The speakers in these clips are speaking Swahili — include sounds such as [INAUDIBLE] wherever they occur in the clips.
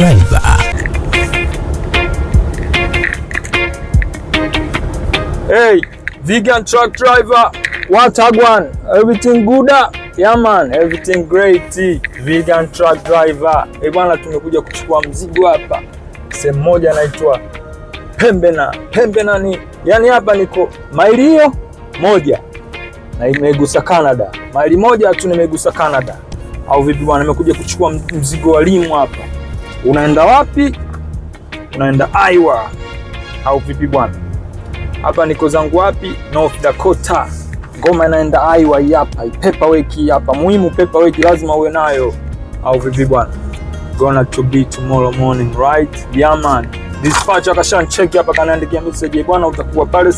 driver. Hey, vegan truck driver, what a one. Everything good? Ah? Yeah man, everything great. Vegan truck driver. Hey, bwana tumekuja kuchukua mzigo hapa. Sehemu moja naitwa Pembena. Pembena ni yani hapa niko maili hiyo moja na imegusa Canada. Maili moja tu nimegusa Canada. Au vipi bwana, nimekuja kuchukua mzigo wa limu hapa. Unaenda wapi? Unaenda Iowa au vipi bwana? Hapa niko zangu wapi? North Dakota. Ngoma inaenda Iowa hapa, paperwork hapa. Muhimu paperwork lazima uwe nayo au vipi bwana? Gonna to be tomorrow morning, right? Yeah man. Dispatch akasha check hapa kanaandikia message bwana, utakuwa pale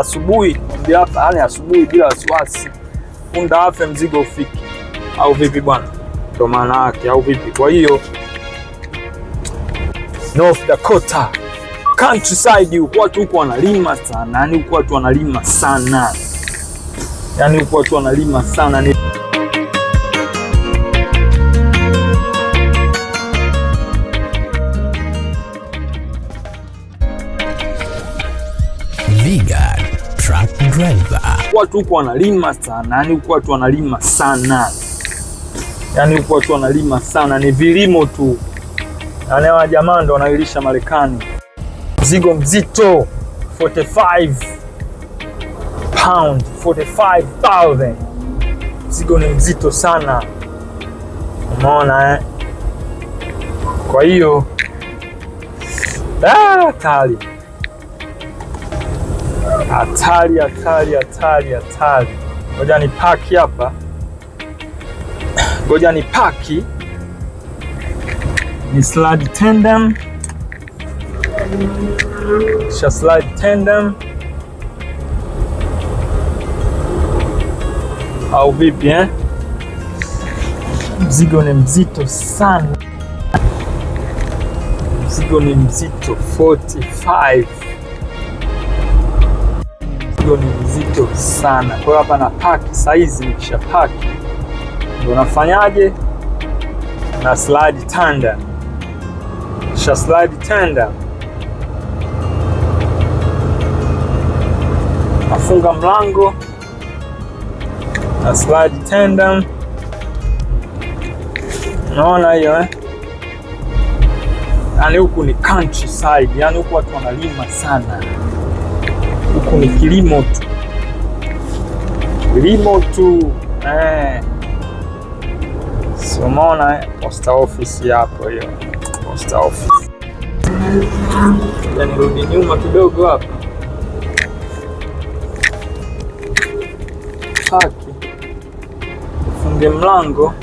asubuhi. Ndio hapa, yani asubuhi bila wasiwasi. Funda afe mzigo ufike. Au vipi bwana? Ndio maana yake au vipi? Kwa hiyo North Dakota countryside, watu huko wanalima sana, yani huko watu wanalima sana, yani huko watu wanalima sana ni... Vegan truck driver, watu huko wanalima sana, yani huko watu wanalima sana, yani huko watu wanalima sana, ni vilimo tu na leo jamaa ndo wanailisha Marekani mzigo mzito 45 pound 45000 mzigo ni mzito sana, umeona eh? Kwa hiyo ah, hatari hatari hatari hatari hatari. Ngoja ni paki hapa, ngoja ni paki ni slide tandem, kisha slide tendon au vipi eh? Mzigo ni mzito sana, mzigo ni mzito 45 mzigo ni mzito sana. Kwa hiyo hapa na paki saizi, nikisha paki ndo nafanyaje na slide tandem. Shasladi Tanda afunga mlango Shasladi Tanda, naona hiyo eh? Yani huku ni countryside, yani huku watu wanalima sana, huku ni kilimo tu, kilimo tu eh. So eh? posta office hapo hiyo mstaafu. Nirudi nyuma kidogo hapa. Haki, funge mlango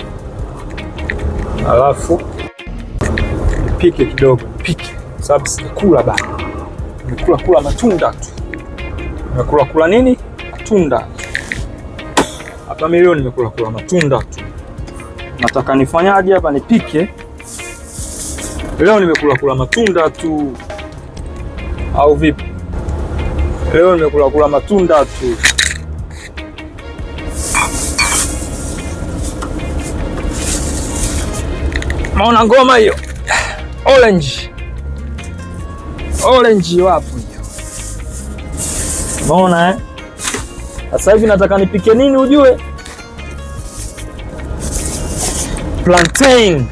alafu pike kidogo, pike sababu sijakula bado. Nimekula kula matunda tu, nimekula kula nini? Matunda hapa milioni, nimekula kula matunda tu. Nataka nifanyaje hapa? Nipike. Leo nimekula kula matunda tu au vipi? Leo nimekula kula matunda tu. Maona ngoma hiyo orange, orange wapo hiyo, maona eh? Sasa hivi nataka nipike nini ujue? Plantain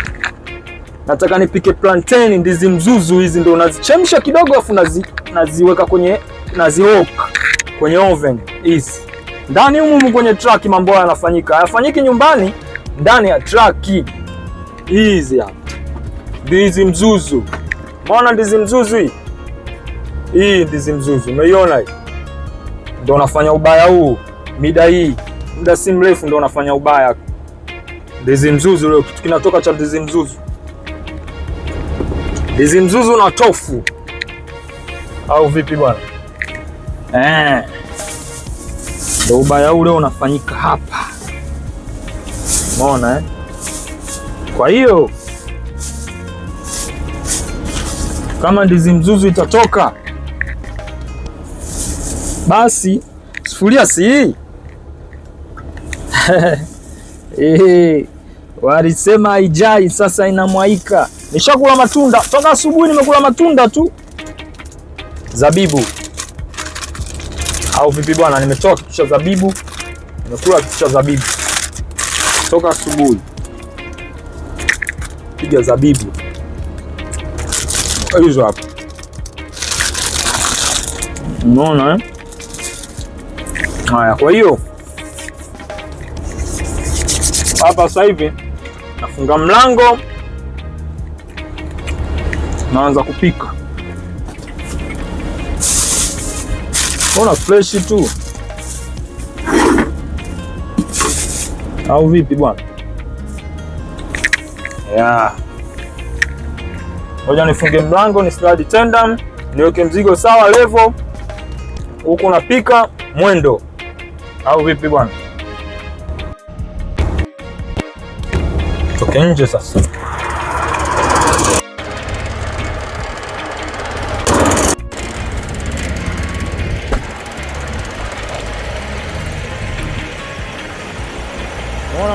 nataka nipike plantain, ndizi mzuzu hizi ndio unazichemsha kidogo, afu nazi, naziweka kwenye nazioka kwenye oven hizi ndani humu kwenye truck. Mambo haya yanafanyika, hayafanyiki nyumbani, ndani ya truck hizi hapa. Ndizi mzuzu, mbona ndizi mzuzu hii hii, ndizi mzuzu umeiona hii, ndio unafanya ubaya huu. Mida hii muda si mrefu ndio unafanya ubaya ndizi mzuzu, leo kitu kinatoka cha ndizi mzuzu hizi mzuzu na tofu au vipi bwana? Eh, ndo ubaya ule unafanyika hapa, umeona eh? Kwa hiyo kama ndizi mzuzu itatoka, basi sufuria si hii [LAUGHS] eh. Walisema haijai, sasa inamwaika. Nishakula matunda toka asubuhi, nimekula matunda tu. Zabibu au vipi bwana? Nimetoka kitu cha zabibu, nimekula kitu cha zabibu toka asubuhi. Piga zabibu hizo hapo, unaona eh? Haya, kwa hiyo hapa sasa hivi nafunga mlango, naanza kupika. Ona freshi tu au vipi bwana? Yeah. Ngoja nifunge mlango, ni slide tandem, niweke mzigo sawa level, huku napika mwendo au vipi bwana? Toke nje sasa. Ona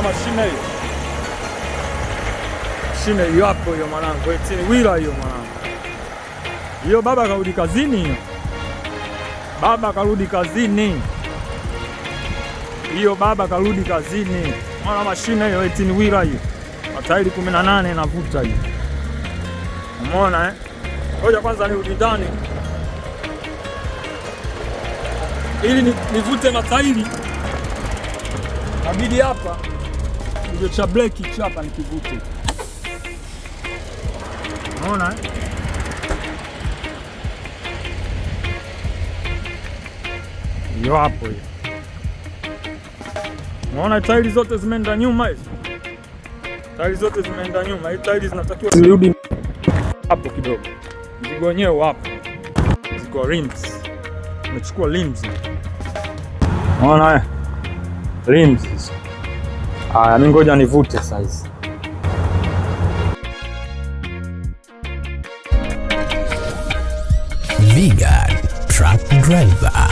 mashine hiyo, mashine hiyo hapo, hiyo mwanangu, eti eh, wila hiyo mwanangu, hiyo baba karudi kazini, baba karudi kazini, hiyo baba karudi kazini. Ona mashine hiyo, eti eh, wila hiyo matairi 18 na navuta hii. Umeona eh? Ngoja kwanza nirudi ndani ili nivute matairi. Nabidi hapa ndio cha breki hicho hapa nikivute. Umeona eh? Hiyo hapo hiyo. Unaona tairi zote zimeenda nyuma hizo tayari zote zimeenda nyuma, tali zinatakiwa zirudi hapo kidogo. Mzigo wenyewe hapo, mzigo wa rims umechukua rims, unaona eh, rims. Haya, mimi ngoja nivute size Vigat truck driver